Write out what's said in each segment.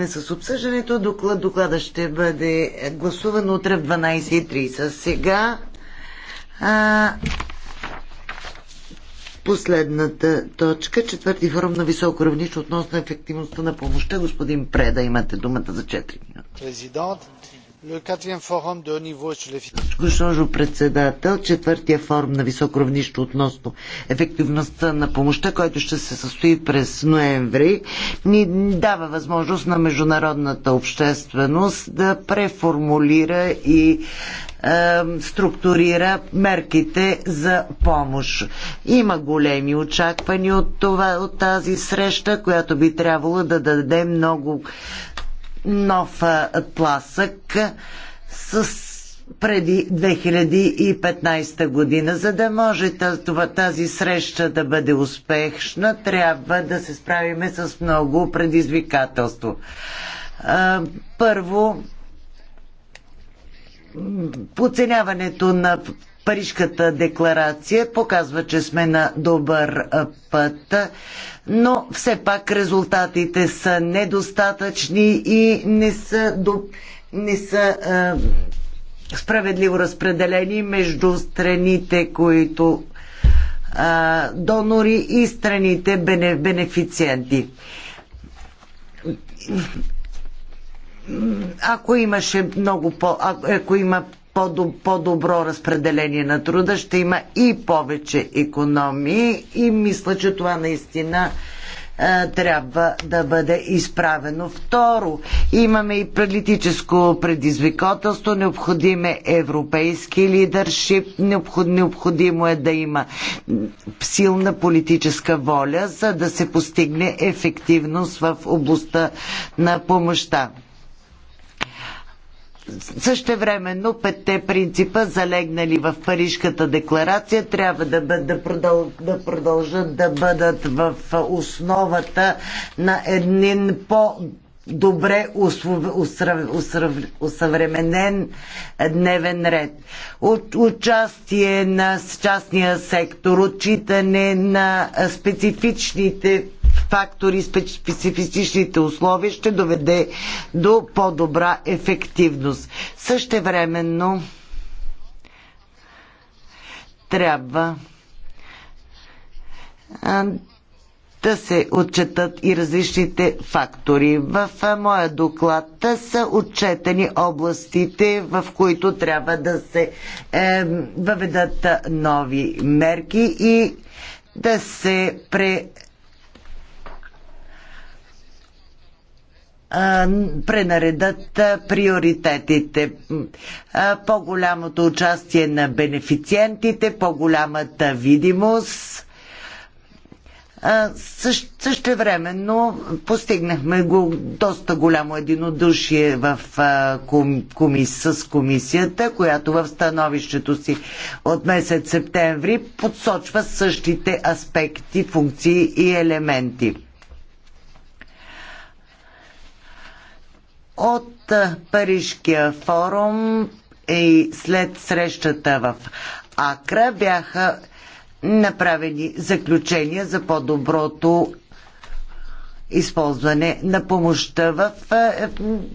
приключихме с обсъждането. Доклад, доклада ще бъде гласуван утре в 12.30. Сега а, последната точка, четвърти форум на високо равнище относно ефективността на помощта. Господин Преда, имате думата за 4 минути. Президент, Госпожо председател, четвъртия форум на високо равнище относно ефективността на помощта, който ще се състои през ноември, ни дава възможност на международната общественост да преформулира и структурира мерките за помощ. Има големи очаквания от, това, от тази среща, която би трябвало да даде много нов тласък с преди 2015 година. За да може тази среща да бъде успешна, трябва да се справиме с много предизвикателство. Първо, оценяването на Парижката декларация показва, че сме на добър път, но все пак резултатите са недостатъчни и не са, до, не са а... справедливо разпределени между страните, които а... донори и страните бенефициенти ако имаше много по... Ако има по-добро разпределение на труда, ще има и повече економии и мисля, че това наистина е, трябва да бъде изправено. Второ, имаме и политическо предизвикателство, необходим е европейски лидершип, необходимо е да има силна политическа воля, за да се постигне ефективност в областта на помощта. Същевременно петте принципа, залегнали в Парижката декларация, трябва да, бъд, да, продъл, да продължат да бъдат в основата на един по- добре усъвременен дневен ред. От участие на частния сектор, отчитане на специфичните фактори, специфичните условия ще доведе до по-добра ефективност. Същевременно трябва да се отчетат и различните фактори. В моя доклад са отчетени областите, в които трябва да се е, въведат нови мерки и да се пре пренаредат приоритетите. По-голямото участие на бенефициентите, по-голямата видимост. Същевременно постигнахме го доста голямо единодушие в, комис, с комисията, която в становището си от месец септември подсочва същите аспекти, функции и елементи. от Парижкия форум е и след срещата в Акра бяха направени заключения за по-доброто използване на помощта. В, е,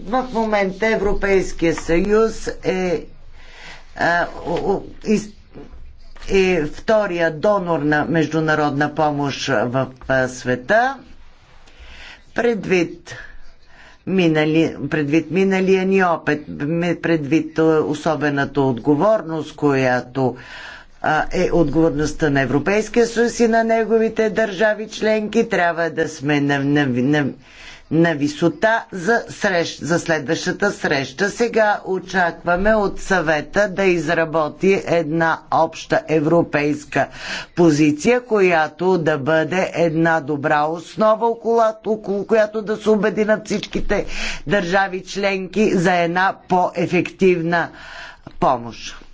в момента Европейския съюз е, е, е втория донор на международна помощ в света. Предвид минали, предвид миналия ни опит, предвид особената отговорност, която е отговорността на Европейския съюз и на неговите държави членки. Трябва да сме на висота за, за следващата среща. Сега очакваме от съвета да изработи една обща европейска позиция, която да бъде една добра основа, около, около която да се обединят всичките държави членки за една по-ефективна помощ.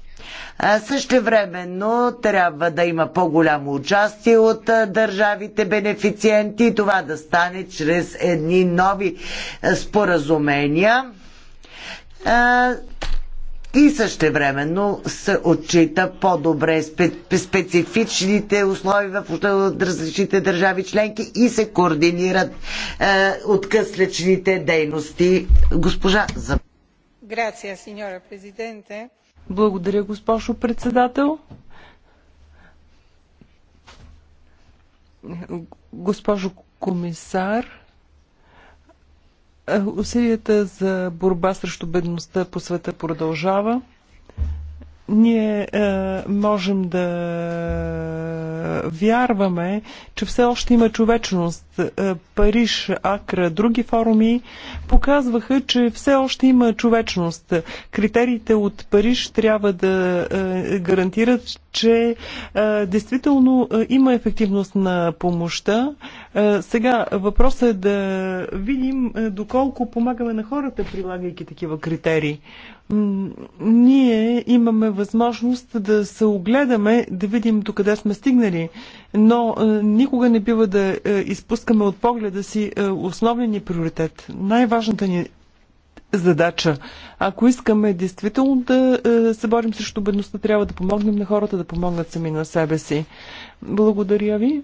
Същевременно трябва да има по-голямо участие от държавите бенефициенти и това да стане чрез едни нови споразумения и същевременно се отчита по-добре специфичните условия в различните държави членки и се координират е, откъслечните дейности. Госпожа за. Грация, сеньора президенте. Благодаря, госпожо председател. Госпожо комисар, усилията за борба срещу бедността по света продължава ние е, можем да вярваме, че все още има човечност. Е, Париж, Акра, други форуми показваха, че все още има човечност. Критериите от Париж трябва да е, гарантират, че е, действително е, има ефективност на помощта. Е, сега въпросът е да видим е, доколко помагаме на хората, прилагайки такива критерии. М- ние имаме възможност възможност да се огледаме, да видим до къде сме стигнали. Но е, никога не бива да е, изпускаме от погледа си е, основния ни приоритет. Най-важната ни задача. Ако искаме действително да се борим срещу бедността, трябва да помогнем на хората да помогнат сами на себе си. Благодаря ви.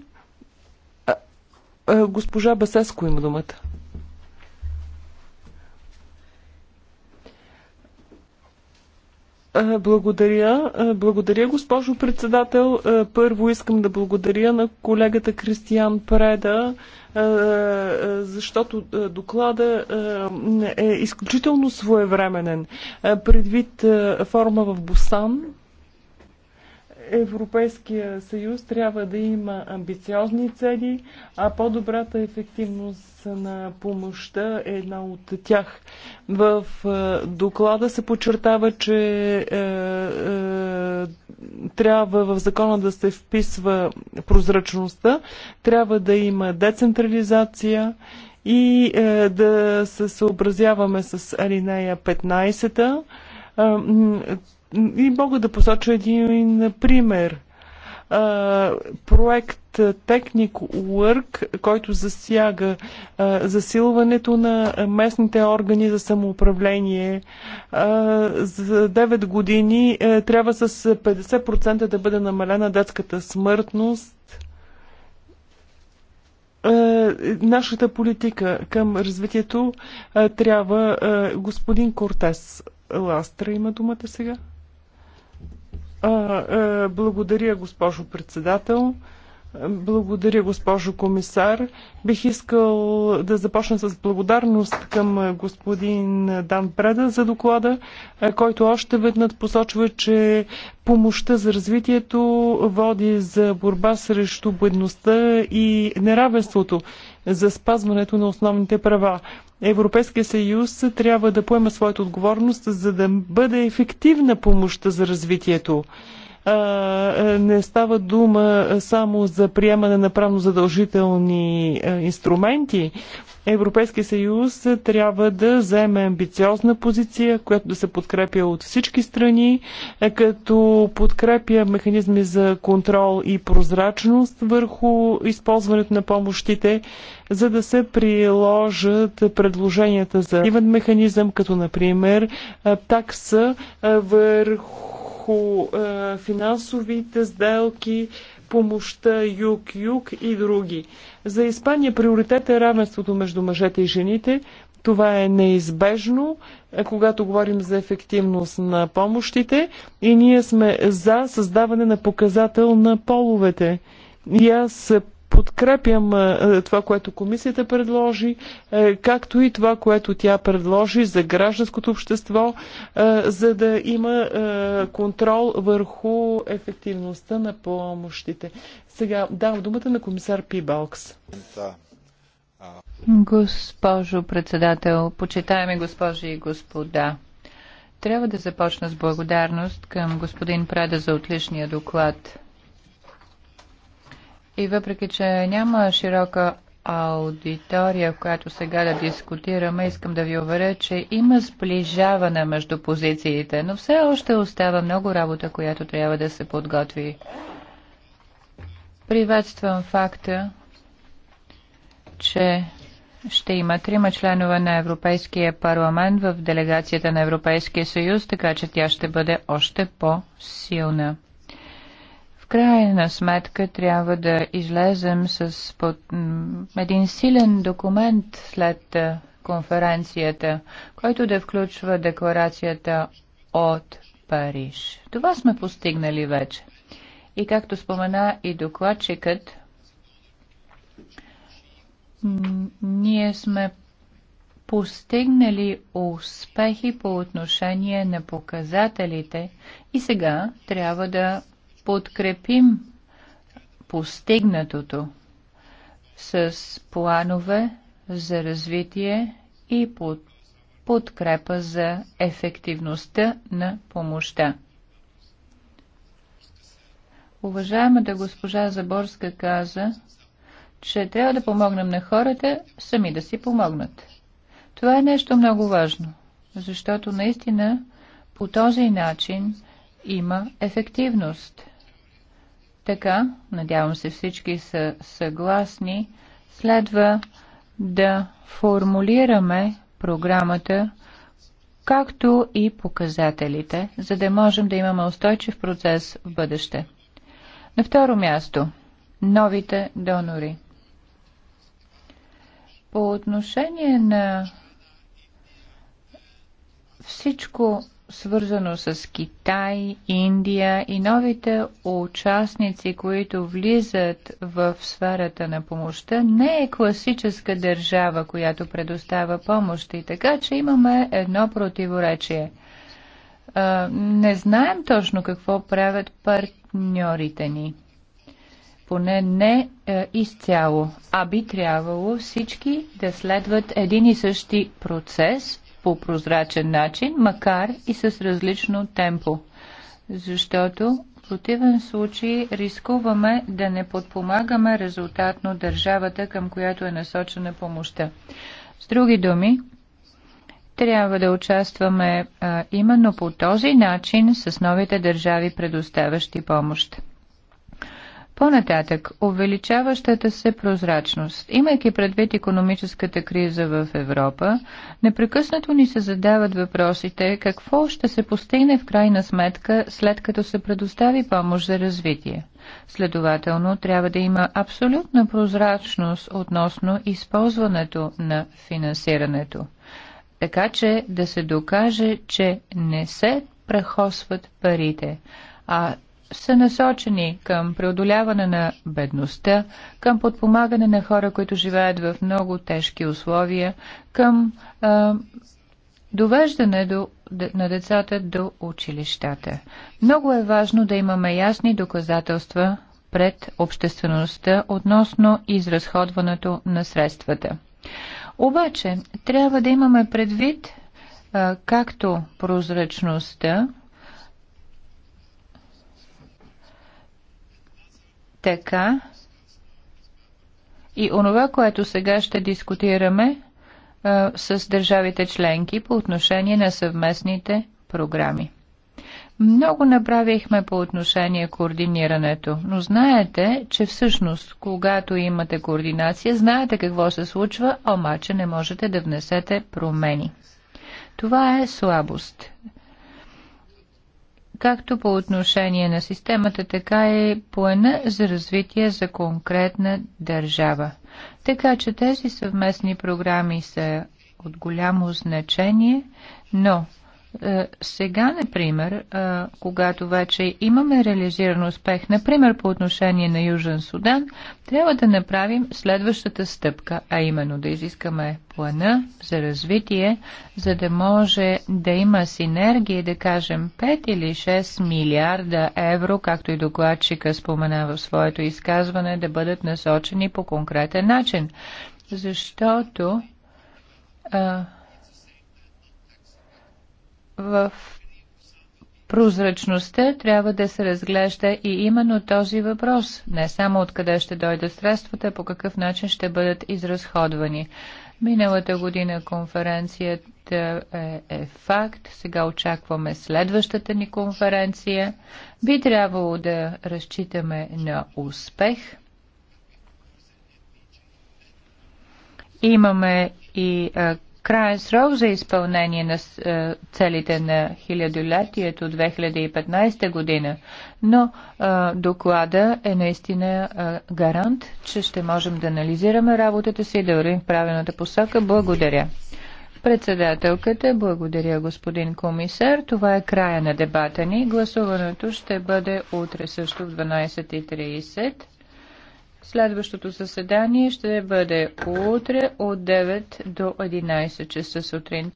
Госпожа Басеско има думата. Благодаря. Благодаря, госпожо председател. Първо искам да благодаря на колегата Кристиян Преда, защото доклада е изключително своевременен. Предвид форма в Бусан, Европейския съюз трябва да има амбициозни цели, а по-добрата ефективност на помощта е една от тях. В е, доклада се подчертава, че е, е, трябва в закона да се вписва прозрачността, трябва да има децентрализация и е, да се съобразяваме с алинея 15. -та и мога да посоча един пример. Проект Technic Work, който засяга засилването на местните органи за самоуправление. За 9 години трябва с 50% да бъде намалена детската смъртност нашата политика към развитието трябва господин Кортес Ластра има думата сега. Е, благодаря, госпожо председател. Благодаря, госпожо комисар. Бих искал да започна с благодарност към господин Дан Преда за доклада, е, който още веднъж посочва, че помощта за развитието води за борба срещу бедността и неравенството, за спазването на основните права. Европейския съюз трябва да поема своята отговорност, за да бъде ефективна помощта за развитието. Не става дума само за приемане на правно задължителни инструменти. Европейския съюз трябва да вземе амбициозна позиция, която да се подкрепя от всички страни, като подкрепя механизми за контрол и прозрачност върху използването на помощите, за да се приложат предложенията за активен механизъм, като например такса върху финансовите сделки, помощта юг-юг и други. За Испания приоритет е равенството между мъжете и жените. Това е неизбежно, е, когато говорим за ефективност на помощите и ние сме за създаване на показател на половете. И аз Подкрепям това, което комисията предложи, е, както и това, което тя предложи за гражданското общество, е, за да има е, контрол върху ефективността на помощите. Сега давам думата на комисар Пибалкс. Госпожо председател, почитаеми госпожи и господа, трябва да започна с благодарност към господин Преда за отличния доклад. И въпреки, че няма широка аудитория, в която сега да дискутираме, искам да ви уверя, че има сближаване между позициите, но все още остава много работа, която трябва да се подготви. Приветствам факта, че ще има трима членове на Европейския парламент в делегацията на Европейския съюз, така че тя ще бъде още по-силна крайна сметка трябва да излезем с под, един силен документ след конференцията, който да включва декларацията от Париж. Това сме постигнали вече. И както спомена и докладчикът, ние сме постигнали успехи по отношение на показателите и сега трябва да подкрепим постигнатото с планове за развитие и под подкрепа за ефективността на помощта. Уважаемата госпожа Заборска каза, че трябва да помогнем на хората сами да си помогнат. Това е нещо много важно, защото наистина по този начин има ефективност – така, надявам се всички са съгласни, следва да формулираме програмата, както и показателите, за да можем да имаме устойчив процес в бъдеще. На второ място, новите донори. По отношение на всичко свързано с Китай, Индия и новите участници, които влизат в сферата на помощта, не е класическа държава, която предоставя помощ. И така, че имаме едно противоречие. Не знаем точно какво правят партньорите ни поне не е, изцяло, а би трябвало всички да следват един и същи процес по прозрачен начин, макар и с различно темпо. Защото в противен случай рискуваме да не подпомагаме резултатно държавата, към която е насочена помощта. С други думи, трябва да участваме а, именно по този начин с новите държави, предоставящи помощ. По-нататък, увеличаващата се прозрачност. Имайки предвид економическата криза в Европа, непрекъснато ни се задават въпросите какво ще се постигне в крайна сметка след като се предостави помощ за развитие. Следователно, трябва да има абсолютна прозрачност относно използването на финансирането. Така че да се докаже, че не се прахосват парите, а са насочени към преодоляване на бедността, към подпомагане на хора, които живеят в много тежки условия, към а, довеждане до, на децата до училищата. Много е важно да имаме ясни доказателства пред обществеността относно изразходването на средствата. Обаче, трябва да имаме предвид а, както прозрачността, така и онова, което сега ще дискутираме а, с държавите членки по отношение на съвместните програми. Много направихме по отношение координирането, но знаете, че всъщност, когато имате координация, знаете какво се случва, омаче не можете да внесете промени. Това е слабост както по отношение на системата, така и плана за развитие за конкретна държава. Така че тези съвместни програми са от голямо значение, но е, сега, например, е, когато вече имаме реализиран успех, например по отношение на Южен Судан, трябва да направим следващата стъпка, а именно да изискаме плана за развитие, за да може да има синергия, да кажем 5 или 6 милиарда евро, както и докладчика спомена в своето изказване, да бъдат насочени по конкретен начин. Защото а, е, в прозрачността трябва да се разглежда и именно този въпрос. Не само откъде ще дойдат средствата, по какъв начин ще бъдат изразходвани. Миналата година конференцията е, е факт. Сега очакваме следващата ни конференция. Би трябвало да разчитаме на успех. Имаме и а, краен срок за изпълнение на е, целите на хилядолетието 2015 година, но е, доклада е наистина е, гарант, че ще можем да анализираме работата си и да вървим в правилната посока. Благодаря. Председателката, благодаря господин комисар. Това е края на дебата ни. Гласуването ще бъде утре също в 12.30. Следващото заседание ще бъде утре от 9 до 11 часа сутрин.